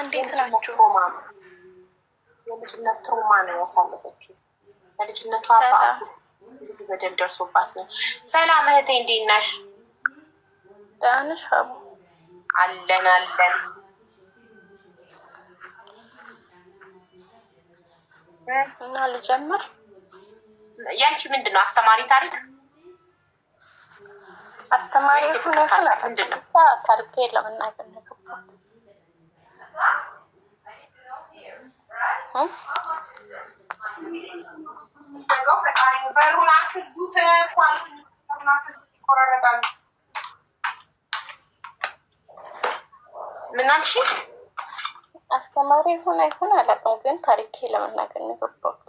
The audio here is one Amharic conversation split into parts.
እንዴት ናችሁ? የልጅነት ትሮማ ነው ያሳለፈችው። የልጅነቷ ብዙ በደል ደርሶባት ነው። ሰላም እህቴ፣ እንዴት ነሽ? ደህና ነሽ? አለን አለን። እና ልጀምር። ያንቺ ምንድን ነው አስተማሪ ታሪክ? አስተማሪ ምንድን ነው ታሪክ? የለም አልዘጋሁም። አስተማሪ ይሁን አይሁን አላውቅም፣ ግን ታሪኬ ለመናገር ነው የገባሁት።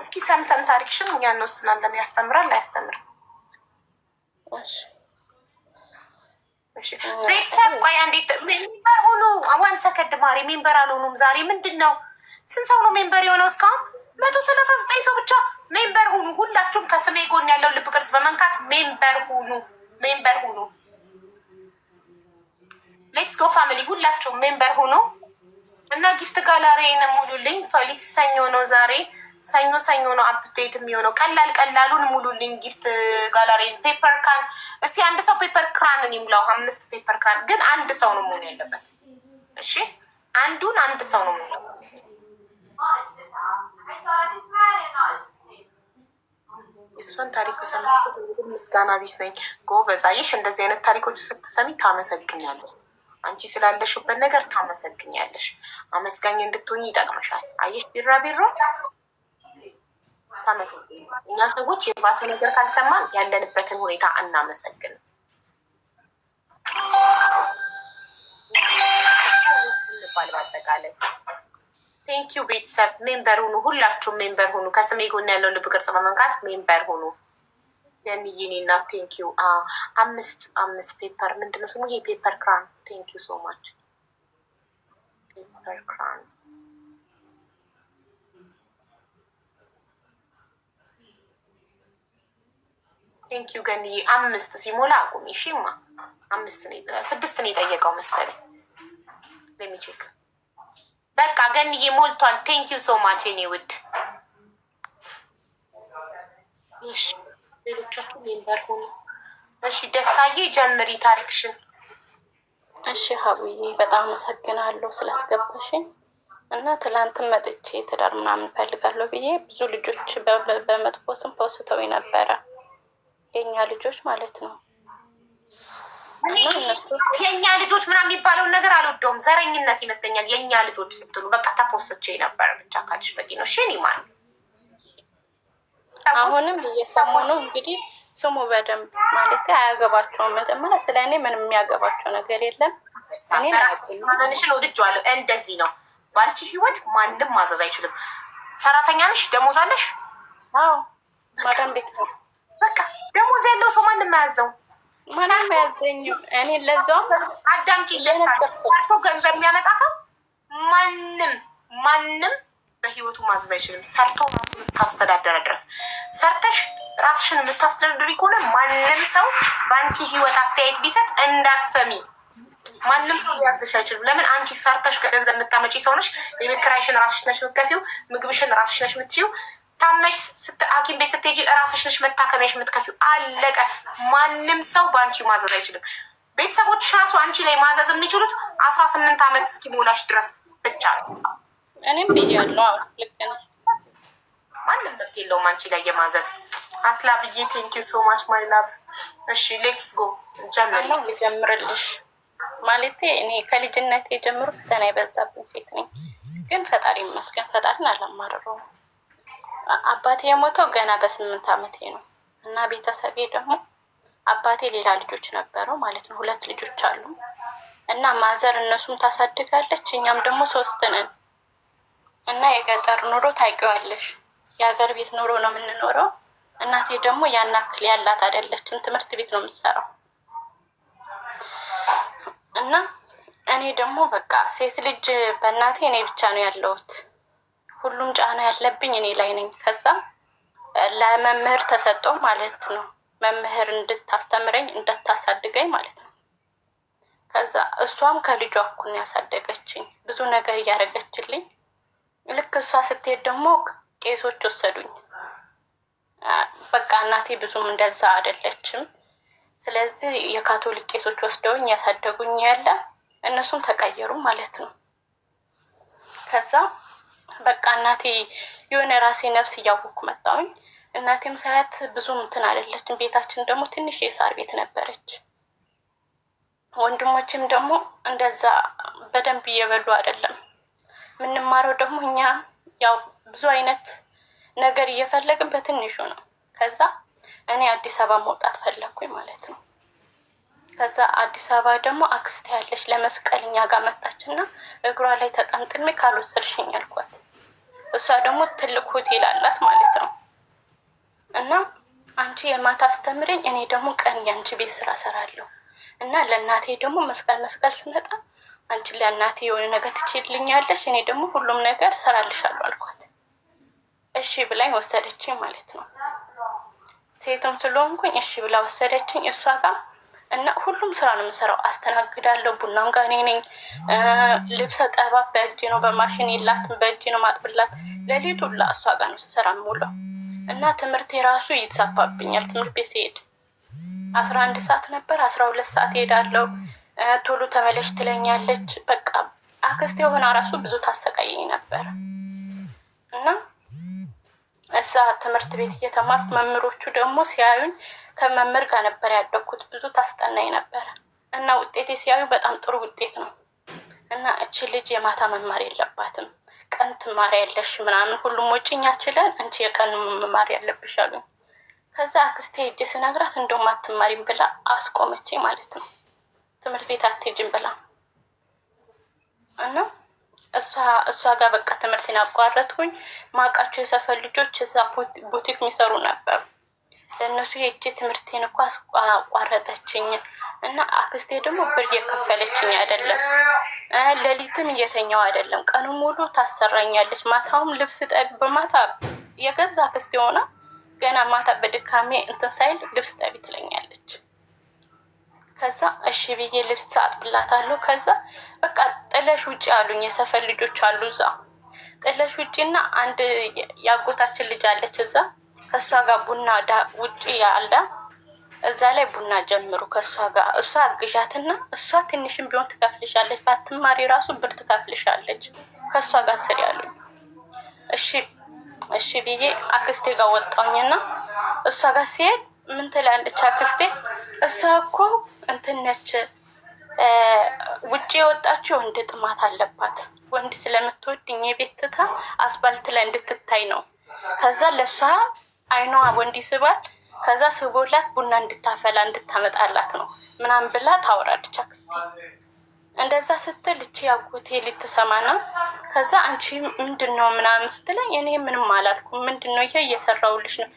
እስኪ ሰምተን ታሪክሽን እኛ እንወስናለን። ያስተምራል አያስተምርም? እሺ ቤተሰብ ቆይ አንዴት ሜምበር ሁኑ። አዋን ሰከድ ማሪ ሜምበር አልሆኑም። ዛሬ ምንድን ነው ስንት ሰው ነው ሜምበር የሆነው? እስካሁን መቶ ሰላሳ ዘጠኝ ሰው ብቻ ሜምበር ሁኑ። ሁላችሁም ከስሜ ጎን ያለው ልብ ቅርጽ በመንካት ሜምበር ሁኑ፣ ሜምበር ሁኑ። ሌትስ ጎ ፋሚሊ፣ ሁላችሁም ሜምበር ሁኑ እና ጊፍት ጋላሪዬን ሙሉልኝ። ፖሊስ ሰኞ ነው ዛሬ ሰኞ ሰኞ ነው አፕዴት የሚሆነው። ቀላል ቀላሉን ሙሉልኝ። ጊፍት ጋላሪ ፔፐር ክራን። እስቲ አንድ ሰው ፔፐር ክራንን ይሙላው። አምስት ፔፐር ክራን ግን አንድ ሰው ነው መሆን ያለበት። እሺ አንዱን አንድ ሰው ነው ሙሉ። እሷን ታሪክ ሰማ ምስጋና ቢስ ነኝ። ጎበዛይሽ እንደዚህ አይነት ታሪኮች ስትሰሚ ታመሰግኛለች። አንቺ ስላለሽበት ነገር ታመሰግኛለሽ። አመስጋኝ እንድትሆኝ ይጠቅመሻል። አየሽ ቢራቢሮ አታመሰግኑ። እኛ ሰዎች የባሰ ነገር ካልሰማን ያለንበትን ሁኔታ እናመሰግን። ባል በአጠቃላይ ቴንኪዩ ቤተሰብ ሜምበር ሁኑ። ሁላችሁም ሜምበር ሁኑ። ከስሜ ጎን ያለው ልብ ቅርጽ በመንካት ሜምበር ሁኑ። ለሚይኔ እና ቴንኪዩ አምስት አምስት ፔፐር ምንድነው ስሙ? ይሄ ፔፐር ክራን ቴንኪዩ ሶ ማች ፔፐር ክራን ቴንኪዩ ገንዬ። አምስት ሲሞላ አቁሚ። ሺማ አምስት ስድስት ነው የጠየቀው መሰለኝ። ለሚቼክ በቃ ገንዬ ሞልቷል። ቴንኪዩ ሶ ማች ኔ ውድ። ሌሎቻችሁ ሜምበር ሆኑ። እሺ ደስታዬ ጀምሪ ታሪክሽን። እሺ ሀብዬ በጣም አመሰግናለሁ ስላስገባሽኝ እና ትላንትም መጥቼ ትዳር ምናምን ፈልጋለሁ ብዬ ብዙ ልጆች በመጥፎ ስም ፖስተው ነበረ የእኛ ልጆች ማለት ነው። የእኛ ልጆች ምናምን የሚባለውን ነገር አልወደውም። ዘረኝነት ይመስለኛል። የእኛ ልጆች ስትሉ በቃ ተፖስቼ የነበረ ብቻ ካልሽ በቂ ነው። ሽን ይማል አሁንም እየሰሙ ነው እንግዲህ ስሙ በደንብ ማለት አያገባቸውም። መጀመሪያ ስለ እኔ ምንም የሚያገባቸው ነገር የለም። እኔሽን ወድጄዋለሁ። እንደዚህ ነው። በአንቺ ህይወት ማንም ማዘዝ አይችልም። ሰራተኛ ነሽ፣ ደሞዝ አለሽ። አዎ ማዳም ቤት ነው በቃ ደሞዝ ያለው ሰው ማንም አያዘው ማንም አያዘኝም። እኔ ለዛውም አዳምጪ ለስቶ ገንዘብ የሚያመጣ ሰው ማንም ማንም በህይወቱ ማዘዝ አይችልም። ሰርቶ ራሱን እስካስተዳደረ ድረስ ሰርተሽ ራስሽን የምታስተዳድሪ ከሆነ ማንም ሰው በአንቺ ህይወት አስተያየት ቢሰጥ እንዳትሰሚ። ማንም ሰው ሊያዝሽ አይችልም። ለምን አንቺ ሰርተሽ ገንዘብ የምታመጪ ሰው ነሽ። የቤት ራስሽ ነሽ የምትከፊው። ምግብሽን ራስሽ ነሽ የምትችይው። ታመሽ ሐኪም ቤት ስትሄጂ እራስሽ ነሽ መታከሚያሽ የምትከፊው። አለቀ። ማንም ሰው በአንቺ ማዘዝ አይችልም። ቤተሰቦችሽ ራሱ አንቺ ላይ ማዘዝ የሚችሉት አስራ ስምንት ዓመት እስኪሞላሽ ድረስ ብቻ ነው። እኔም ብያለሁ። ልክ ነው። ማንም መብት የለውም አንቺ ላይ የማዘዝ አትላ ብዬ ቴንኪው ሶ ማች ማይ ላቭ። እሺ ሌክስ ጎ ጀምር ልጀምርልሽ። ማለቴ እኔ ከልጅነት የጀምሮ ፈተና የበዛብኝ ሴት ነኝ፣ ግን ፈጣሪ ይመስገን ፈጣሪን አላማረረውም። አባቴ የሞተው ገና በስምንት ዓመቴ ነው እና ቤተሰቤ ደግሞ አባቴ ሌላ ልጆች ነበረው ማለት ነው። ሁለት ልጆች አሉ እና ማዘር እነሱም ታሳድጋለች፣ እኛም ደግሞ ሶስት ነን እና የገጠር ኑሮ ታውቂዋለሽ፣ የሀገር ቤት ኑሮ ነው የምንኖረው። እናቴ ደግሞ አክል ያላት አይደለችም፣ ትምህርት ቤት ነው የምትሰራው እና እኔ ደግሞ በቃ ሴት ልጅ በእናቴ እኔ ብቻ ነው ያለሁት ሁሉም ጫና ያለብኝ እኔ ላይ ነኝ። ከዛ ለመምህር ተሰጦ ማለት ነው። መምህር እንድታስተምረኝ እንድታሳድገኝ ማለት ነው። ከዛ እሷም ከልጇ እኩል ያሳደገችኝ ብዙ ነገር እያደረገችልኝ፣ ልክ እሷ ስትሄድ ደግሞ ቄሶች ወሰዱኝ። በቃ እናቴ ብዙም እንደዛ አይደለችም። ስለዚህ የካቶሊክ ቄሶች ወስደውኝ ያሳደጉኝ ያለ እነሱም ተቀየሩ ማለት ነው ከዛ በቃ እናቴ የሆነ ራሴ ነፍስ እያወኩ መጣውኝ እናቴም ሳያት ብዙም እንትን አለለችም። ቤታችን ደግሞ ትንሽ የሳር ቤት ነበረች። ወንድሞችም ደግሞ እንደዛ በደንብ እየበሉ አይደለም የምንማረው። ደግሞ እኛ ያው ብዙ አይነት ነገር እየፈለግን በትንሹ ነው። ከዛ እኔ አዲስ አበባ መውጣት ፈለግኩኝ ማለት ነው። ከዛ አዲስ አበባ ደግሞ አክስት ያለች ለመስቀል እኛ ጋር መጣችና እግሯ ላይ ተጠምጥሜ ካልወሰድሽኝ አልኳት። እሷ ደግሞ ትልቅ ሆቴል አላት ማለት ነው። እና አንቺ የማታ አስተምረኝ፣ እኔ ደግሞ ቀን የአንቺ ቤት ስራ ሰራለሁ እና ለእናቴ ደግሞ መስቀል መስቀል ስመጣ አንቺ ለእናቴ የሆነ ነገር ትችልኛለሽ፣ እኔ ደግሞ ሁሉም ነገር ሰራልሻለሁ አልኳት። እሺ ብላኝ ወሰደችኝ ማለት ነው። ሴትም ስለሆንኩኝ እሺ ብላ ወሰደችኝ እሷ ጋር እና ሁሉም ስራ ነው የምሰራው። አስተናግዳለሁ፣ ቡናም ጋኔ ነኝ። ልብሰ ጠባ በእጅ ነው፣ በማሽን የላትም፣ በእጅ ነው ማጥብላት። ለሌቱ ለሊቱ እሷ ጋር ነው ስሰራ የምውለው እና ትምህርቴ ራሱ ይተሳፋብኛል። ትምህርት ቤት ሲሄድ አስራ አንድ ሰዓት ነበር፣ አስራ ሁለት ሰዓት እሄዳለሁ። ቶሎ ተመለሽ ትለኛለች። በቃ አክስቴ የሆነ ራሱ ብዙ ታሰቃየኝ ነበር እና እዛ ትምህርት ቤት እየተማርኩ መምህሮቹ ደግሞ ሲያዩኝ ከመምህር ጋር ነበር ያደግኩት። ብዙ ታስጠናኝ ነበረ እና ውጤቴ ሲያዩ በጣም ጥሩ ውጤት ነው እና እቺ ልጅ የማታ መማር የለባትም ቀን ትማሪ ያለሽ ምናምን ሁሉም ወጪ ችለን አንቺ የቀን መማር ያለብሽ አሉ። ከዛ አክስቴ እጅ ስነግራት እንደውም አትማሪም ብላ አስቆመቼ ማለት ነው። ትምህርት ቤት አትሄጂም ብላ እና እሷ እሷ ጋር በቃ ትምህርቴን አቋረጥኩኝ። ማውቃቸው የሰፈር ልጆች እዛ ቡቲክ የሚሰሩ ነበር። ለእነሱ ሄጄ ትምህርቴን እኮ አቋረጠችኝ እና አክስቴ ደግሞ ብር የከፈለችኝ አይደለም፣ ሌሊትም እየተኛው አይደለም፣ ቀኑ ሙሉ ታሰራኛለች። ማታውም ልብስ ጠቢ በማታ የገዛ አክስቴ ሆነ ገና ማታ በድካሜ እንትን ሳይል ልብስ ጠቢ ትለኛለች። ከዛ እሺ ብዬ ልብስ አጥብላታለሁ። ከዛ በቃ ጥለሽ ውጭ አሉኝ። የሰፈር ልጆች አሉ እዛ ጥለሽ ውጪና አንድ ያጎታችን ልጅ አለች እዛ ከእሷ ጋር ቡና ውጭ አለ፣ እዛ ላይ ቡና ጀምሩ ከእሷ ጋር። እሷ አግዣትና እሷ ትንሽም ቢሆን ትከፍልሻለች፣ ባትማሪ ራሱ ብር ትከፍልሻለች። ከእሷ ጋር ስር ያሉኝ እሺ እሺ ብዬ አክስቴ ጋር ወጣሁኝና እሷ ጋር ሲሄድ ምን ትላለች አክስቴ፣ እሷ እኮ እንትን ነች ውጭ የወጣችው ወንድ ጥማት አለባት፣ ወንድ ስለምትወድ እኔ ቤት ትታ አስፋልት ላይ እንድትታይ ነው። ከዛ ለእሷ አይኗ ወንድ ይስባል። ከዛ ስቦላት ቡና እንድታፈላ እንድታመጣላት ነው ምናምን ብላ ታወራለች። አክስቴ እንደዛ ስትል እቺ ልትሰማ ነው። ከዛ አንቺ ምንድን ነው ምናምን ስትለኝ እኔ ምንም አላልኩም። ምንድን ነው ይሄ እየሰራውልሽ ነው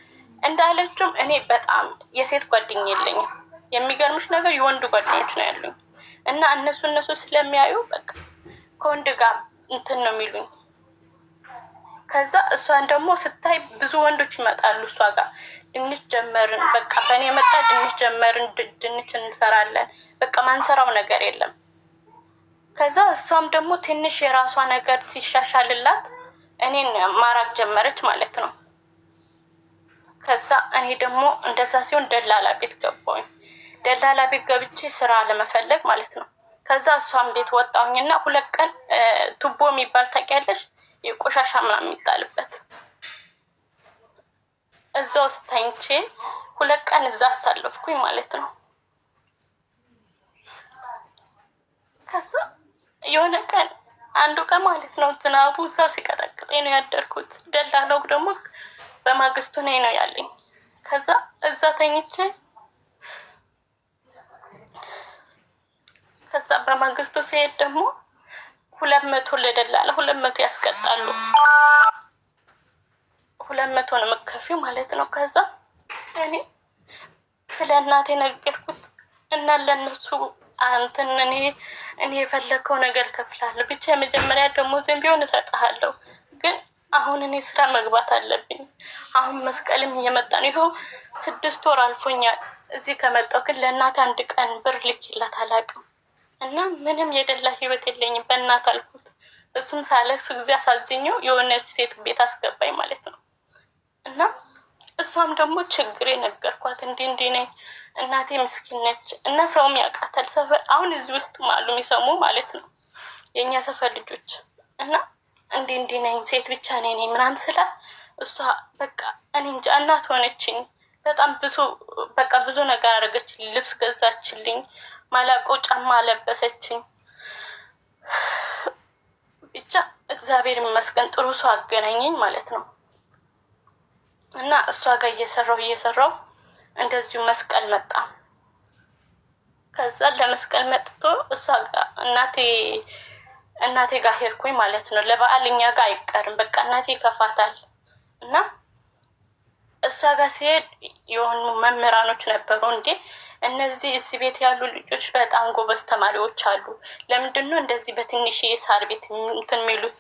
እንዳለችም እኔ በጣም የሴት ጓደኛ የለኝም። የሚገርምሽ ነገር የወንድ ጓደኞች ነው ያሉኝ እና እነሱ እነሱ ስለሚያዩ በቃ ከወንድ ጋር እንትን ነው የሚሉኝ ከዛ እሷን ደግሞ ስታይ ብዙ ወንዶች ይመጣሉ እሷ ጋር ድንች ጀመርን፣ በቃ በእኔ መጣ ድንች ጀመርን፣ ድንች እንሰራለን፣ በቃ ማንሰራው ነገር የለም። ከዛ እሷም ደግሞ ትንሽ የራሷ ነገር ሲሻሻልላት እኔን ማራቅ ጀመረች ማለት ነው። ከዛ እኔ ደግሞ እንደዛ ሲሆን ደላላ ቤት ገባውኝ ደላላ ቤት ገብቼ ስራ ለመፈለግ ማለት ነው። ከዛ እሷም ቤት ወጣሁኝና ሁለት ቀን ቱቦ የሚባል ታውቂያለሽ? የቆሻሻ ምናምን የሚጣልበት እዛ ውስጥ ተኝቼ ሁለት ቀን እዛ አሳለፍኩኝ ማለት ነው። ከዛ የሆነ ቀን አንዱ ቀን ማለት ነው ዝናቡ ሰው ሲቀጠቅጠኝ ነው ያደርኩት። ደላለው ደግሞ በማግስቱ ነኝ ነው ያለኝ። ከዛ እዛ ተኝቼ ከዛ በማግስቱ ሲሄድ ደግሞ ሁለት መቶ ለደላላ ሁለት መቶ ያስቀጣሉ። ሁለት መቶ ነው የምከፊው ማለት ነው። ከዛ እኔ ስለ እናቴ ነገርኩት እና ለነሱ አንተን እኔ እኔ የፈለግከው ነገር ከፍላለሁ፣ ብቻ የመጀመሪያ ደግሞ ደሞዝም ቢሆን እሰጥሃለሁ። ግን አሁን እኔ ስራ መግባት አለብኝ። አሁን መስቀልም እየመጣ ነው። ይኸው ስድስት ወር አልፎኛል እዚህ ከመጣሁ። ግን ለእናቴ አንድ ቀን ብር ልኬላት አላውቅም። እና ምንም የደላ ህይወት የለኝም በእናት አልኩት። እሱም ሳለቅስ ጊዜ አሳዝኘው የሆነች ሴት ቤት አስገባኝ ማለት ነው። እና እሷም ደግሞ ችግሬ ነገርኳት። እንዲ እንዲ ነኝ እናቴ ምስኪን ነች እና ሰውም ያውቃታል። ሰፈር አሁን እዚህ ውስጥ አሉ የሚሰሙ ማለት ነው የእኛ ሰፈር ልጆች እና እንዲ እንዲ ነኝ ሴት ብቻ ነኝ ነኝ ምናምን ስላ እሷ በቃ እኔ እንጃ እናት ሆነችኝ። በጣም ብዙ በቃ ብዙ ነገር አደረገችልኝ። ልብስ ገዛችልኝ ማላቆ ጫማ ለበሰችኝ። ብቻ እግዚአብሔር ይመስገን ጥሩ ሰው አገናኘኝ ማለት ነው። እና እሷ ጋር እየሰራው እየሰራው እንደዚሁ መስቀል መጣ። ከዛ ለመስቀል መጥቶ እሷ ጋር እናቴ እናቴ ጋር ሄድኩኝ ማለት ነው። ለበዓል እኛ ጋር አይቀርም፣ በቃ እናቴ ይከፋታል። እና እሷ ጋር ሲሄድ የሆኑ መምህራኖች ነበሩ እንዴ እነዚህ እዚህ ቤት ያሉ ልጆች በጣም ጎበዝ ተማሪዎች አሉ። ለምንድን ነው እንደዚህ በትንሽ ሳር ቤት እንትን የሚሉት?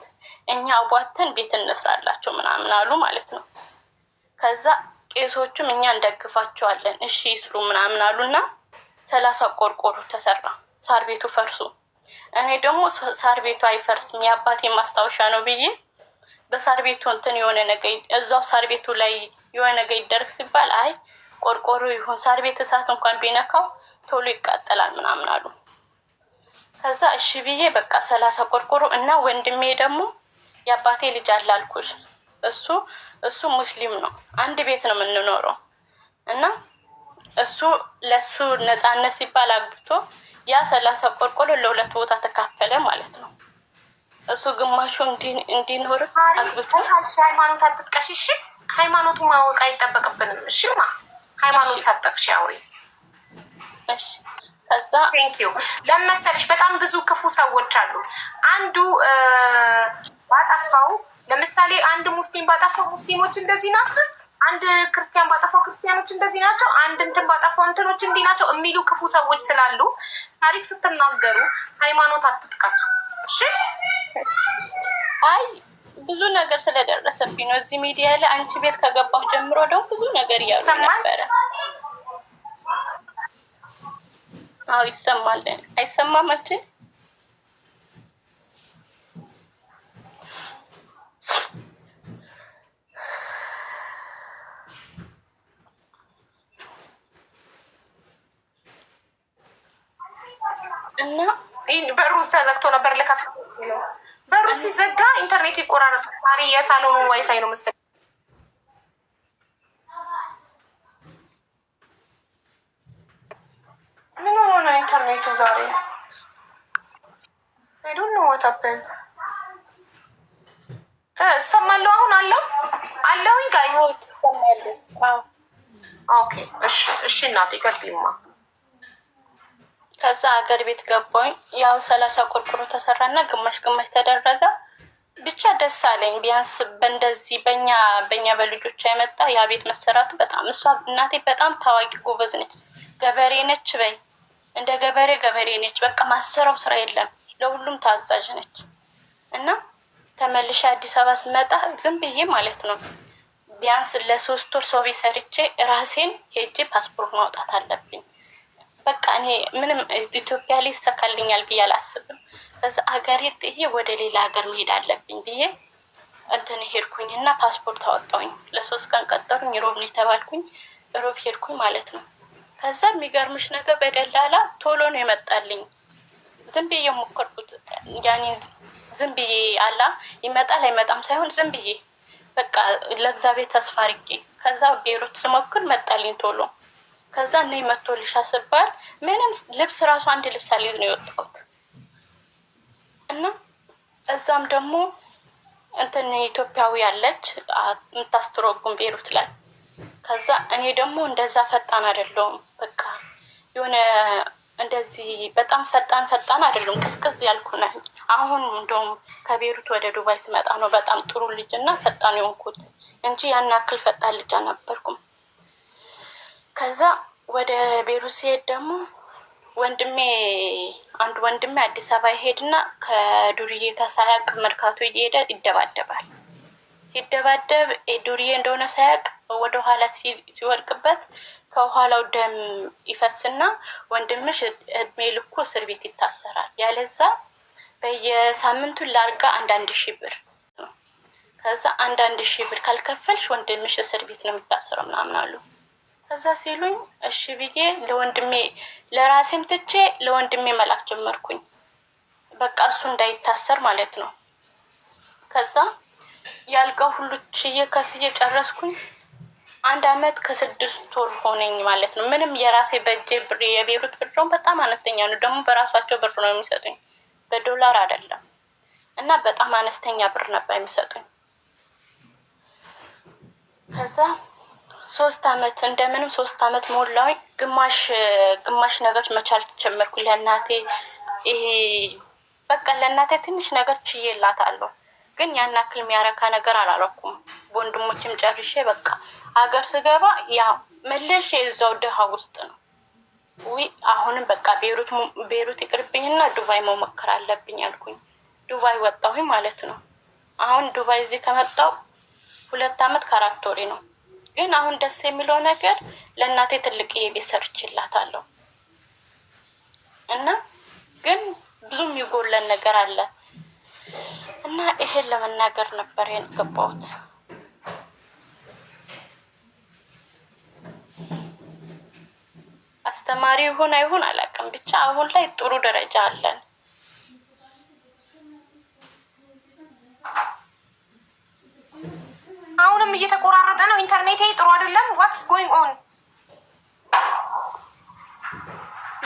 እኛ አቧተን ቤት እንስራላቸው ምናምን አሉ ማለት ነው። ከዛ ቄሶቹም እኛ እንደግፋቸዋለን እሺ ይስሩ ምናምን እና ሰላሳ ቆርቆሮ ተሰራ። ሳር ቤቱ ፈርሶ እኔ ደግሞ ሳር ቤቱ አይፈርስም የአባቴ ማስታወሻ ነው ብዬ በሳር ቤቱ እንትን የሆነ ነገ እዛው ሳር ቤቱ ላይ የሆነ ነገ ይደረግ ሲባል አይ ቆርቆሮ ይሆን ሳር ቤት እሳት እንኳን ቢነካው ቶሎ ይቃጠላል ምናምን አሉ። ከዛ እሺ ብዬ በቃ ሰላሳ ቆርቆሮ እና ወንድሜ ደግሞ የአባቴ ልጅ አላልኩሽ እሱ እሱ ሙስሊም ነው። አንድ ቤት ነው የምንኖረው እና እሱ ለሱ ነፃነት ሲባል አግብቶ ያ ሰላሳ ቆርቆሮ ለሁለት ቦታ ተካፈለ ማለት ነው። እሱ ግማሹ እንዲኖር አግብቶ ሃይማኖት አትጥቀሽ። እሺ ሃይማኖቱ ማወቅ አይጠበቅብንም። እሺማ ሃይማኖት ሳጠቅሽ አውሪ። ከዛ ቴንኪዩ ለመሰለሽ በጣም ብዙ ክፉ ሰዎች አሉ። አንዱ ባጠፋው ለምሳሌ አንድ ሙስሊም ባጠፋው ሙስሊሞች እንደዚህ ናቸው፣ አንድ ክርስቲያን ባጠፋው ክርስቲያኖች እንደዚህ ናቸው፣ አንድ እንትን ባጠፋው እንትኖች እንዲህ ናቸው የሚሉ ክፉ ሰዎች ስላሉ ታሪክ ስትናገሩ ሃይማኖት አትጥቀሱ እሺ። አይ ብዙ ነገር ስለደረሰብኝ ነው። እዚህ ሚዲያ ላይ አንቺ ቤት ከገባሁ ጀምሮ ደው ብዙ ነገር እያሉ ነበረ። አዎ ይሰማል። አይሰማም አንቺ እና በሩ ተዘግቶ ነበር ልከፍ ነው በሩ ሲዘጋ ኢንተርኔቱ ይቆራረጣል። ዛሬ የሳሎኑን ዋይፋይ ነው መሰለኝ። ምን ሆነ ኢንተርኔቱ ዛሬ? እሰማለሁ። አሁን አለው አለሁኝ ጋይዝ። ኦኬ እሺ፣ እሺ እናቴ ቀጥይማ ከዛ ሀገር ቤት ገባኝ። ያው ሰላሳ ቆርቆሮ ተሰራና ግማሽ ግማሽ ተደረገ። ብቻ ደስ አለኝ። ቢያንስ በእንደዚህ በኛ በኛ በልጆች የመጣ ያ ቤት መሰራቱ በጣም እሷ እናቴ በጣም ታዋቂ ጎበዝ ነች፣ ገበሬ ነች። በይ እንደ ገበሬ ገበሬ ነች። በቃ ማሰራው ስራ የለም፣ ለሁሉም ታዛዥ ነች። እና ተመልሼ አዲስ አበባ ስመጣ ዝም ብዬ ማለት ነው ቢያንስ ለሶስት ወር ሰው ቤት ሰርቼ ራሴን ሄጄ ፓስፖርት ማውጣት አለብኝ። በቃ እኔ ምንም ኢትዮጵያ ላይ ይሰካልኛል ብዬ አላስብም። እዛ ሀገሬ ጥዬ ወደ ሌላ ሀገር መሄድ አለብኝ ብዬ እንትን ሄድኩኝ እና ፓስፖርት አወጣውኝ ለሶስት ቀን ቀጠሩኝ። ሮብ ነው የተባልኩኝ። ሮብ ሄድኩኝ ማለት ነው። ከዛ የሚገርምሽ ነገር በደላላ ቶሎ ነው የመጣልኝ። ዝም ብዬ የሞከርኩት ያኔ ዝም ብዬ አላ ይመጣል አይመጣም ሳይሆን ዝም ብዬ በቃ ለእግዚአብሔር ተስፋ አድርጌ ከዛ ቤሮች ስሞክር መጣልኝ ቶሎ ከዛ እኔ ልሻ ስባል ምንም ልብስ ራሱ አንድ ልብስ አልይዝ ነው የወጣሁት። እና እዛም ደግሞ እንትን ኢትዮጵያዊ ያለች የምታስትሮጉም ቤሩት ላይ። ከዛ እኔ ደግሞ እንደዛ ፈጣን አይደለሁም። በቃ የሆነ እንደዚህ በጣም ፈጣን ፈጣን አይደለም ቅዝቅዝ ያልኩ ነኝ። አሁን እንደውም ከቤሩት ወደ ዱባይ ስመጣ ነው በጣም ጥሩ ልጅና ፈጣን የሆንኩት እንጂ ያን ያክል ፈጣን ልጅ አልነበርኩም። ከዛ ወደ ቤሩት ሲሄድ ደግሞ ወንድሜ አንድ ወንድሜ አዲስ አበባ ይሄድና ከዱርዬ ከሳያቅ መርካቶ እየሄደ ይደባደባል። ሲደባደብ ዱርዬ እንደሆነ ሳያቅ ወደኋላ ሲወልቅበት ከኋላው ደም ይፈስና ወንድምሽ እድሜ ልኩ እስር ቤት ይታሰራል። ያለዛ በየሳምንቱ ላርጋ አንዳንድ ሺህ ብር ከዛ አንዳንድ ሺህ ብር ካልከፈልሽ ወንድምሽ እስር ቤት ነው የሚታሰረው ምናምን አሉ። ከዛ ሲሉኝ እሺ ብዬ ለወንድሜ ለራሴም ትቼ ለወንድሜ መላክ ጀመርኩኝ። በቃ እሱ እንዳይታሰር ማለት ነው። ከዛ ያልቀው ሁሉ ችዬ ከፍዬ ጨረስኩኝ። አንድ አመት ከስድስት ወር ሆነኝ ማለት ነው። ምንም የራሴ በእጄ ብር የቤሩት ብድሮን በጣም አነስተኛ ነው። ደግሞ በራሷቸው ብር ነው የሚሰጡኝ በዶላር አይደለም። እና በጣም አነስተኛ ብር ነበር የሚሰጡኝ ከዛ ሶስት አመት እንደምንም ሶስት አመት ሞላሁኝ። ግማሽ ግማሽ ነገሮች መቻል ጀመርኩ። ለእናቴ ይሄ በቃ ለእናቴ ትንሽ ነገር ችዬላታለሁ፣ ግን ያን ያክል የሚያረካ ነገር አላረኩም። ወንድሞችም ጨርሼ በቃ አገር ስገባ ያ መለሽ የዛው ድሃ ውስጥ ነው። ዊ አሁንም በቃ ቤሩት ቤሩት ይቅርብኝና ዱባይ መሞከር አለብኝ አልኩኝ። ዱባይ ወጣሁኝ ማለት ነው። አሁን ዱባይ እዚህ ከመጣው ሁለት አመት ከአራት ወሬ ነው። ግን አሁን ደስ የሚለው ነገር ለእናቴ ትልቅ የቤት ሰርችላታለሁ እና ግን ብዙም የሚጎለን ነገር አለ እና ይሄን ለመናገር ነበር የገባሁት። አስተማሪ ይሁን አይሁን አላውቅም፣ ብቻ አሁን ላይ ጥሩ ደረጃ አለን። አሁንም እየተቆራረጠ ነው። ኢንተርኔቴ ጥሩ አይደለም። ዋትስ ጎይንግ ኦን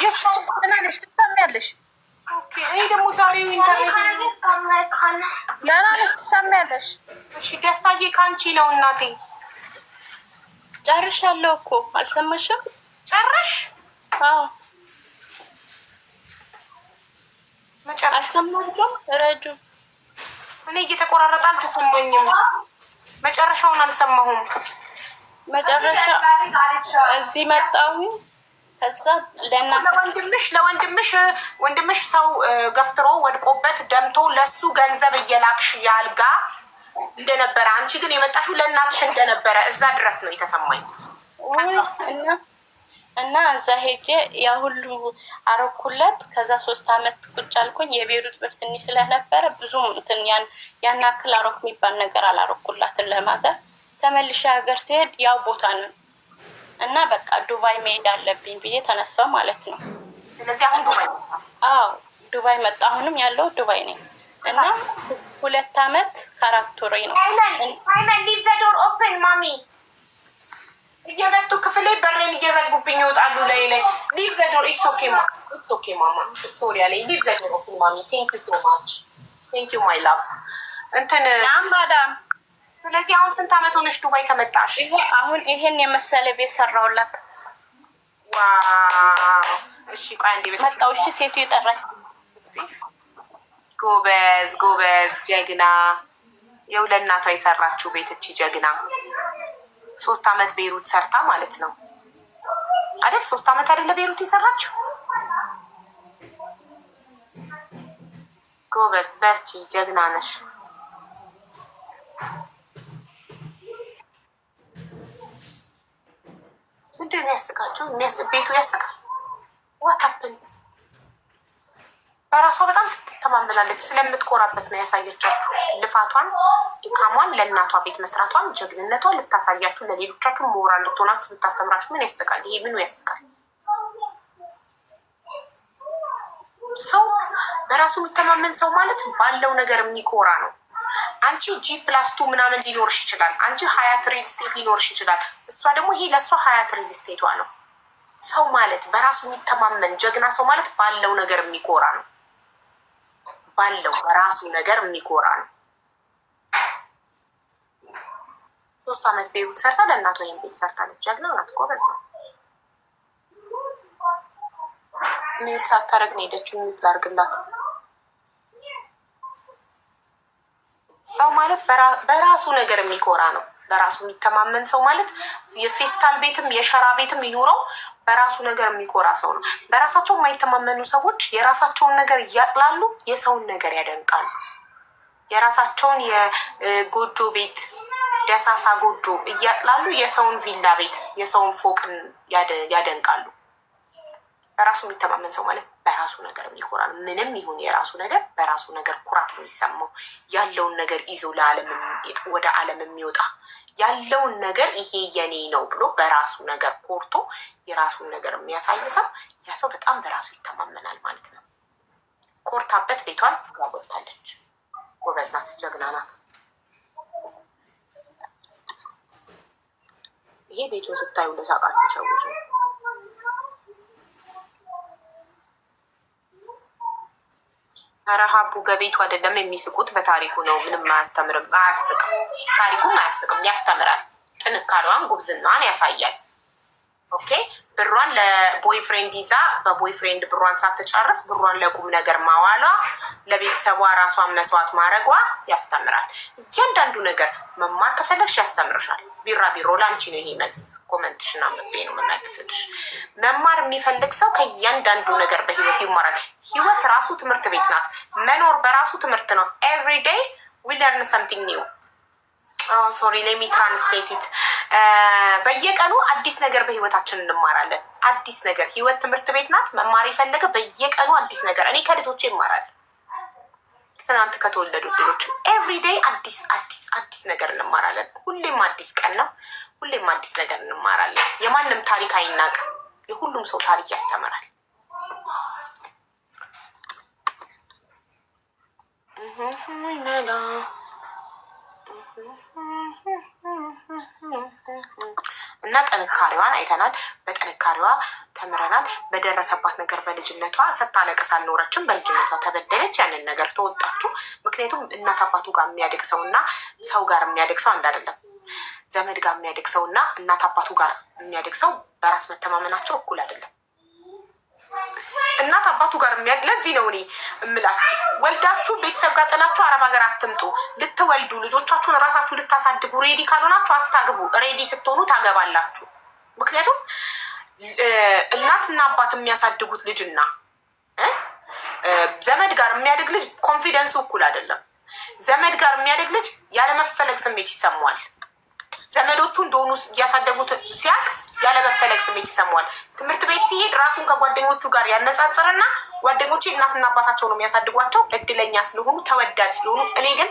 የስናለሽ ትሰሚያለሽ። እኔ ደግሞ ዛሬ ኢንተርኔትናለሽ ትሰሚያለሽ። እሺ ደስታዬ ከአንቺ ነው እናቴ። ጨርሻለሁ እኮ አልሰማሽም? ጨርሽ አልሰማሁም። ረጁ እኔ እየተቆራረጠ አልተሰማኝም። መጨረሻውን አልሰማሁም። መጨረሻ እዚህ መጣሁ። ከዛ ለወንድምሽ ለወንድምሽ ወንድምሽ ሰው ገፍትሮ ወድቆበት ደምቶ ለሱ ገንዘብ እየላክሽ ያልጋ እንደነበረ አንቺ ግን የመጣሽው ለእናትሽ እንደነበረ እዛ ድረስ ነው የተሰማኝ እና እና እዛ ሄጄ ያ ሁሉ አረኩለት። ከዛ ሶስት አመት ቁጭ አልኩኝ። የቤሩት ብር ትንሽ ስለነበረ ብዙም እንትን ያን አክል አረኩ የሚባል ነገር አላረኩላትን ለማዘር። ተመልሼ ሀገር ሲሄድ ያው ቦታ ነው እና በቃ ዱባይ መሄድ አለብኝ ብዬ ተነሳው ማለት ነው። ስለዚህ አሁን ዱባይ አዎ፣ ዱባይ መጣ። አሁንም ያለው ዱባይ ነኝ እና ሁለት አመት ካራክቶሬ ነው። ሳይመን ሊቭ ዘ ዶር ኦፕን ማሚ እየመጡ ክፍሌ በርን እየዘጉብኝ ይወጣሉ። ላይ ላይ ሊቭ ዘዶር ኢትስ ኦኬ ማ ኢትስ ኦኬ ማማ ሶሪ አለ ሊቭ ዘዶር ኦኬ ማሚ ቴንክ ዩ ሶ ማች ቴንክ ዩ ማይ ላቭ እንትን ማዳም። ስለዚህ አሁን ስንት አመት ሆነሽ ዱባይ ከመጣሽ? አሁን ይሄን የመሰለ ቤት ሰራውላት። ዋው እሺ፣ ቆይ አንዴ ቤት መጣው። እሺ፣ ሴቱ የጠራች ጎበዝ ጎበዝ፣ ጀግና። የሰራችው ቤት እቺ ጀግና ሶስት አመት ቤሩት ሰርታ ማለት ነው አይደል? ሶስት አመት አይደለ ቤሩት የሰራችው? ጎበዝ በርቺ፣ ጀግና ነሽ። ምንድን ነው ያስቃቸው? ቤቱ ያስቃል። ዋታፕን በራሷ በጣም ስትተማመናለች ስለምትኮራበት ነው ያሳየቻችሁ። ልፋቷን፣ ድካሟን፣ ለእናቷ ቤት መስራቷን፣ ጀግንነቷን ልታሳያችሁ፣ ለሌሎቻችሁ ሞራል ልትሆናችሁ፣ ልታስተምራችሁ። ምን ያስቃል? ይሄ ምኑ ያስቃል? ሰው በራሱ የሚተማመን ሰው ማለት ባለው ነገር የሚኮራ ነው። አንቺ ጂ ፕላስ ቱ ምናምን ሊኖርሽ ይችላል። አንቺ ሀያት ሪል ስቴት ሊኖርሽ ይችላል። እሷ ደግሞ ይሄ ለእሷ ሀያት ሪል ስቴቷ ነው። ሰው ማለት በራሱ የሚተማመን ጀግና ሰው ማለት ባለው ነገር የሚኮራ ነው። ባለው በራሱ ነገር የሚኮራ ነው። ሶስት አመት ቤት ሰርታ ለእናት ወይም ቤት ሰርታለች። ጀግና ናት፣ ጎበዝ ናት። ሚዩት ሳታረግ ነው ሄደችው። ሚዩት ላርግላት። ሰው ማለት በራሱ ነገር የሚኮራ ነው። በራሱ የሚተማመን ሰው ማለት የፌስታል ቤትም የሸራ ቤትም ይኑረው በራሱ ነገር የሚኮራ ሰው ነው። በራሳቸው የማይተማመኑ ሰዎች የራሳቸውን ነገር እያጥላሉ፣ የሰውን ነገር ያደንቃሉ። የራሳቸውን የጎጆ ቤት ደሳሳ ጎጆ እያጥላሉ፣ የሰውን ቪላ ቤት፣ የሰውን ፎቅን ያደንቃሉ። በራሱ የሚተማመን ሰው ማለት በራሱ ነገር የሚኮራ ነው። ምንም ይሁን የራሱ ነገር በራሱ ነገር ኩራት የሚሰማው ያለውን ነገር ይዞ ለዓለም ወደ ዓለም የሚወጣ ያለውን ነገር ይሄ የኔ ነው ብሎ በራሱ ነገር ኮርቶ የራሱን ነገር የሚያሳይ ሰው ያ ሰው በጣም በራሱ ይተማመናል ማለት ነው። ኮርታበት ቤቷን ወጥታለች። ጎበዝ ናት፣ ጀግና ናት። ይሄ ቤቱን ስታዩ እንደሳቃችሁ ሰዎች ነው። ረሃቡ በቤቱ አይደለም የሚስቁት በታሪኩ ነው። ምንም አያስተምርም፣ አያስቅም። ታሪኩም አያስቅም፣ ያስተምራል። ጥንካሬዋን ጉብዝናዋን ያሳያል። ኦኬ ብሯን ለቦይፍሬንድ ይዛ በቦይፍሬንድ ብሯን ሳትጨርስ ብሯን ለቁም ነገር ማዋሏ ለቤተሰቧ ራሷን መስዋዕት ማድረጓ ያስተምራል። እያንዳንዱ ነገር መማር ከፈለግሽ ያስተምርሻል። ቢራቢሮ ላንቺ ነው ይሄ መልስ። ኮመንትሽን አንብቤ ነው የምመልስልሽ። መማር የሚፈልግ ሰው ከእያንዳንዱ ነገር በህይወት ይማራል። ህይወት ራሱ ትምህርት ቤት ናት። መኖር በራሱ ትምህርት ነው። ኤቭሪ ዴይ ዊ ለርን ሰምቲንግ ኒው ሶሪ ሌሚ ትራንስሌቲት በየቀኑ አዲስ ነገር በህይወታችን እንማራለን። አዲስ ነገር ህይወት ትምህርት ቤት ናት። መማር የፈለገ በየቀኑ አዲስ ነገር እኔ ከልጆቼ ይማራል። ትናንት ከተወለዱት ልጆች ኤቭሪዴይ አዲስ አዲስ አዲስ ነገር እንማራለን። ሁሌም አዲስ ቀን ነው። ሁሌም አዲስ ነገር እንማራለን። የማንም ታሪክ አይናቅም። የሁሉም ሰው ታሪክ ያስተምራል። እና ጥንካሬዋን አይተናል። በጥንካሬዋ ተምረናል። በደረሰባት ነገር በልጅነቷ ስታለቅስ አልኖረችም። በልጅነቷ ተበደለች፣ ያንን ነገር ተወጣችሁ። ምክንያቱም እናት አባቱ ጋር የሚያድግ ሰው እና ሰው ጋር የሚያድግ ሰው አንድ አይደለም። ዘመድ ጋር የሚያድግ ሰው እና እናት አባቱ ጋር የሚያድግ ሰው በራስ መተማመናቸው እኩል አይደለም። እናት አባቱ ጋር የሚያ ለዚህ ነው እኔ እምላችሁ ወልዳችሁ ቤተሰብ ጋር ጥላችሁ አረብ ሀገር አትምጡ። ልትወልዱ ልጆቻችሁን ራሳችሁ ልታሳድጉ ሬዲ ካልሆናችሁ አታግቡ። ሬዲ ስትሆኑ ታገባላችሁ። ምክንያቱም እናትና አባት የሚያሳድጉት ልጅና ዘመድ ጋር የሚያድግ ልጅ ኮንፊደንሱ እኩል አይደለም። ዘመድ ጋር የሚያድግ ልጅ ያለመፈለግ ስሜት ይሰማዋል። ዘመዶቹ እንደሆኑ እያሳደጉት ሲያቅ ያለመፈለግ ስሜት ይሰማዋል። ትምህርት ቤት ሲሄድ ራሱን ከጓደኞቹ ጋር ያነጻጽርና ጓደኞቼ እናትና አባታቸው ነው የሚያሳድጓቸው፣ እድለኛ ስለሆኑ ተወዳጅ ስለሆኑ፣ እኔ ግን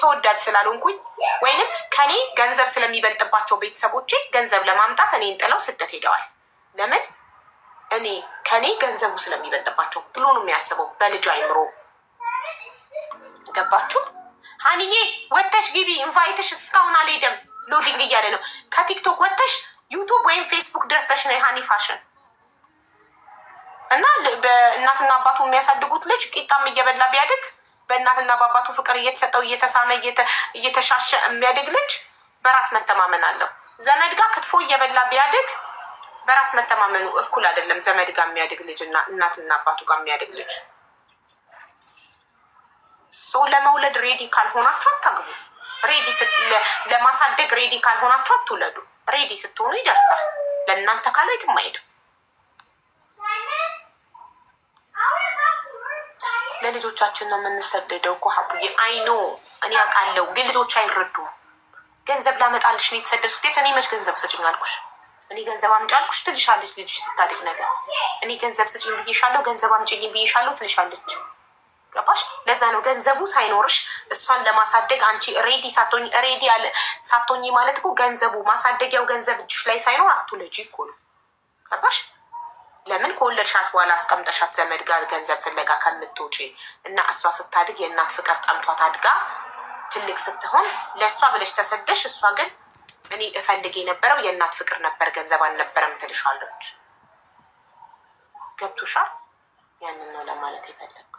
ተወዳጅ ስላልሆንኩኝ ወይንም ከኔ ገንዘብ ስለሚበልጥባቸው ቤተሰቦቼ ገንዘብ ለማምጣት እኔን ጥለው ስደት ሄደዋል። ለምን እኔ ከኔ ገንዘቡ ስለሚበልጥባቸው ብሎ ነው የሚያስበው በልጅ አይምሮ። ገባችሁ? ሀኒዬ ወተሽ ግቢ። ኢንቫይትሽ እስካሁን አልሄደም። ሎዲንግ እያለ ነው። ከቲክቶክ ወጥተሽ ዩቱብ ወይም ፌስቡክ ደርሰሽ ነው የሃኒ ፋሽን እና በእናትና አባቱ የሚያሳድጉት ልጅ ቂጣም እየበላ ቢያድግ በእናትና በአባቱ ፍቅር እየተሰጠው እየተሳመ እየተሻሸ የሚያድግ ልጅ በራስ መተማመን አለው። ዘመድ ጋር ክትፎ እየበላ ቢያድግ በራስ መተማመኑ እኩል አይደለም። ዘመድ ጋር የሚያድግ ልጅ እና እናትና አባቱ ጋር የሚያድግ ልጅ። ለመውለድ ሬዲ ካልሆናችሁ አታግቡ። ሬዲ ለማሳደግ ሬዲ ካልሆናችሁ አትውለዱ። ሬዲ ስትሆኑ ይደርሳል። ለእናንተ ካለ የትም አይሄድም። ለልጆቻችን ነው የምንሰደደው እኮ ሀቡዬ። አይኖ እኔ አውቃለሁ፣ ግን ልጆች አይረዱም። ገንዘብ ላመጣልሽ ነው የተሰደድኩት። የት እኔ መች ገንዘብ ስጭኝ አልኩሽ? እኔ ገንዘብ አምጪ አልኩሽ ትልሻለች ልጅ ስታድግ ነገር። እኔ ገንዘብ ስጭኝ ብዬሻለሁ፣ ገንዘብ አምጪኝ ብዬሻለሁ ትልሻለች። ገባሽ? ለዛ ነው ገንዘቡ ሳይኖርሽ እሷን ለማሳደግ አንቺ ሬዲ ሳቶኝ ሬዲ ሳቶኝ ማለት እኮ ገንዘቡ ማሳደጊያው ገንዘብ እጅሽ ላይ ሳይኖር አትወልጂ እኮ ነው። ገባሽ? ለምን ከወለድሻት በኋላ አስቀምጠሻት ዘመድ ጋር ገንዘብ ፍለጋ ከምትውጪ እና እሷ ስታድግ የእናት ፍቅር ጠምቷት አድጋ ትልቅ ስትሆን ለእሷ ብለሽ ተሰደሽ፣ እሷ ግን እኔ እፈልግ የነበረው የእናት ፍቅር ነበር ገንዘብ አልነበረም ትልሻለች። ገብቶሻል? ያንን ነው ለማለት የፈለግ